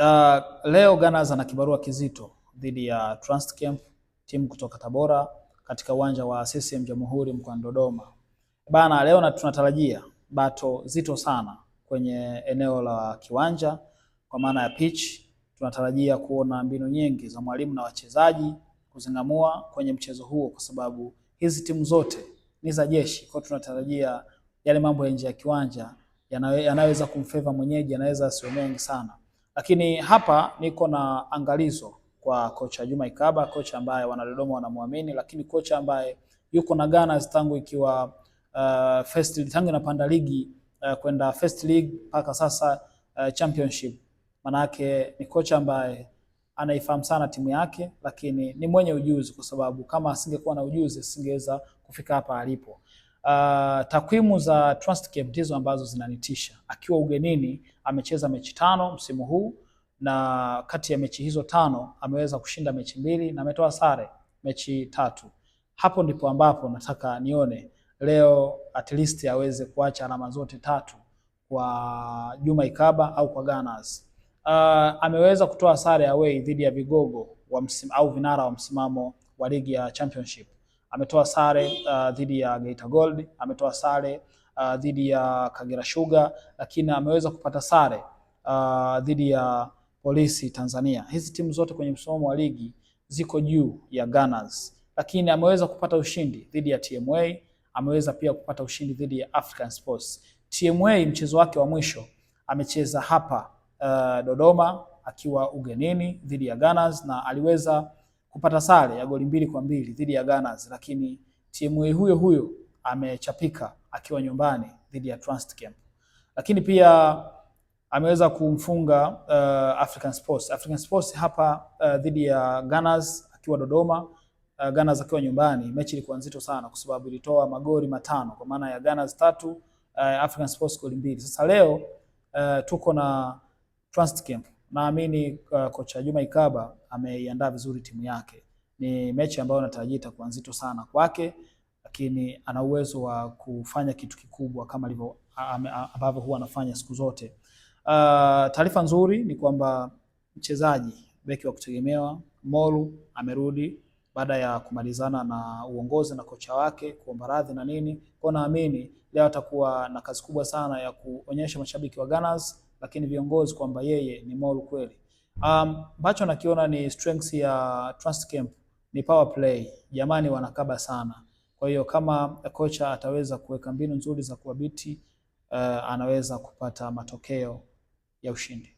Uh, leo Gunners ana kibarua kizito dhidi ya Trust Camp, timu kutoka Tabora katika uwanja wa CCM Jamhuri mkoani Dodoma. Bana, leo na tunatarajia bato zito sana kwenye eneo la kiwanja kwa maana ya pitch. Tunatarajia kuona mbinu nyingi za mwalimu na wachezaji kuzingamua kwenye mchezo huo, kwa sababu hizi timu zote ni za jeshi. Kwa tunatarajia yale mambo ya nje ya kiwanja yanaweza kumfeva mwenyeji, yanaweza sio mengi sana. Lakini hapa niko na angalizo kwa kocha Juma Ikaba, kocha ambaye wanadodoma wanamwamini, lakini kocha ambaye yuko na Gunners tangu ikiwa uh, first tangu inapanda ligi uh, kwenda first league mpaka sasa uh, championship. Manake ni kocha ambaye anaifahamu sana timu yake, lakini ni mwenye ujuzi, kwa sababu kama asingekuwa na ujuzi asingeweza kufika hapa alipo. Uh, takwimu za Transcape ndizo ambazo zinanitisha. Akiwa ugenini amecheza mechi tano msimu huu na kati ya mechi hizo tano ameweza kushinda mechi mbili na ametoa sare mechi tatu. Hapo ndipo ambapo nataka nione leo at least aweze kuacha alama zote tatu kwa Juma Ikaba au kwa Gunners. Uh, ameweza kutoa sare away dhidi ya vigogo wa msim, au vinara wa msimamo wa ligi ya championship ametoa sare uh, dhidi ya Geita Gold, ametoa sare uh, dhidi ya Kagera Sugar, lakini ameweza kupata sare uh, dhidi ya Polisi Tanzania. Hizi timu zote kwenye msimamo wa ligi ziko juu ya Gunners, lakini ameweza kupata ushindi dhidi ya TMA, ameweza pia kupata ushindi dhidi ya African Sports. TMA mchezo wake wa mwisho amecheza hapa uh, Dodoma akiwa ugenini dhidi ya Gunners na aliweza kupata sare ya goli mbili kwa mbili dhidi ya Gunners, lakini timu huyo huyo amechapika akiwa nyumbani dhidi ya Transcamp. Lakini pia ameweza kumfunga uh, African Sports. African Sports hapa uh, dhidi ya Gunners akiwa Dodoma uh, Gunners akiwa nyumbani. Mechi ilikuwa nzito sana kwa sababu ilitoa magoli matano kwa maana ya Gunners tatu, uh, African Sports goli mbili. Sasa leo uh, tuko na Transcamp naamini uh, kocha Juma Ikaba ameiandaa vizuri timu yake. Ni mechi ambayo natarajia itakuwa nzito sana kwake, lakini ana uwezo wa kufanya kitu kikubwa kama alivyo ambavyo huwa anafanya siku zote. Uh, taarifa nzuri ni kwamba mchezaji beki wa kutegemewa Molu amerudi baada ya kumalizana na uongozi na kocha wake kuomba radhi na nini. Kwa naamini leo atakuwa na kazi kubwa sana ya kuonyesha mashabiki wa Gunners lakini viongozi kwamba yeye ni mol kweli. Um, ambacho um, nakiona ni strength ya Trust Camp ni power play. Jamani wanakaba sana. Kwa hiyo kama kocha ataweza kuweka mbinu nzuri za kuwabiti uh, anaweza kupata matokeo ya ushindi.